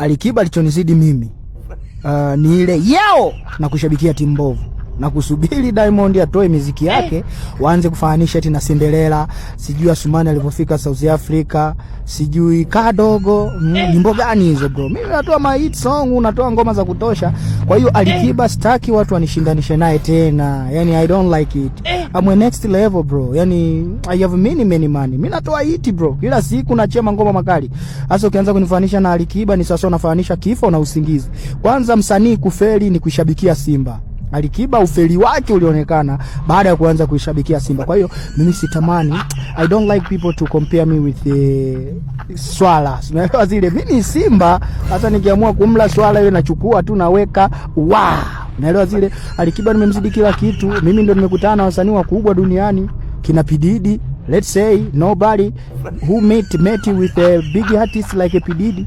Alikiba alichonizidi mimi uh, ni ile yao na kushabikia timu mbovu na kusubiri Diamond atoe miziki eh. yake hey. Waanze kufananisha eti na Cinderella, sijui Asumani alipofika South Africa, sijui kadogo mm, eh. nyimbo hey. gani hizo bro? Mimi natoa ma hit song, unatoa ngoma za kutosha. Kwa hiyo eh. Alikiba hey. sitaki watu wanishindanishe naye tena, yani I don't like it hey. I'm next level bro, yani I have many many money. Mimi natoa hit bro, kila siku nachema ngoma makali. Sasa ukianza kunifananisha na Alikiba ni sasa unafananisha kifo na usingizi. Kwanza msanii kufeli ni kushabikia Simba Alikiba ufeli wake ulionekana baada ya kuanza kuishabikia Simba. Kwa hiyo mimi sitamani, I don't like people to compare me with the eh, swala. Unaelewa zile, mimi ni Simba. Sasa nikiamua kumla swala ile nachukua tu naweka wa, wow. unaelewa zile. Alikiba nimemzidi kila kitu, mimi ndo nimekutana na wasanii wakubwa duniani kina Pididi, let's say nobody who meet met with a eh, big artist like a Pididi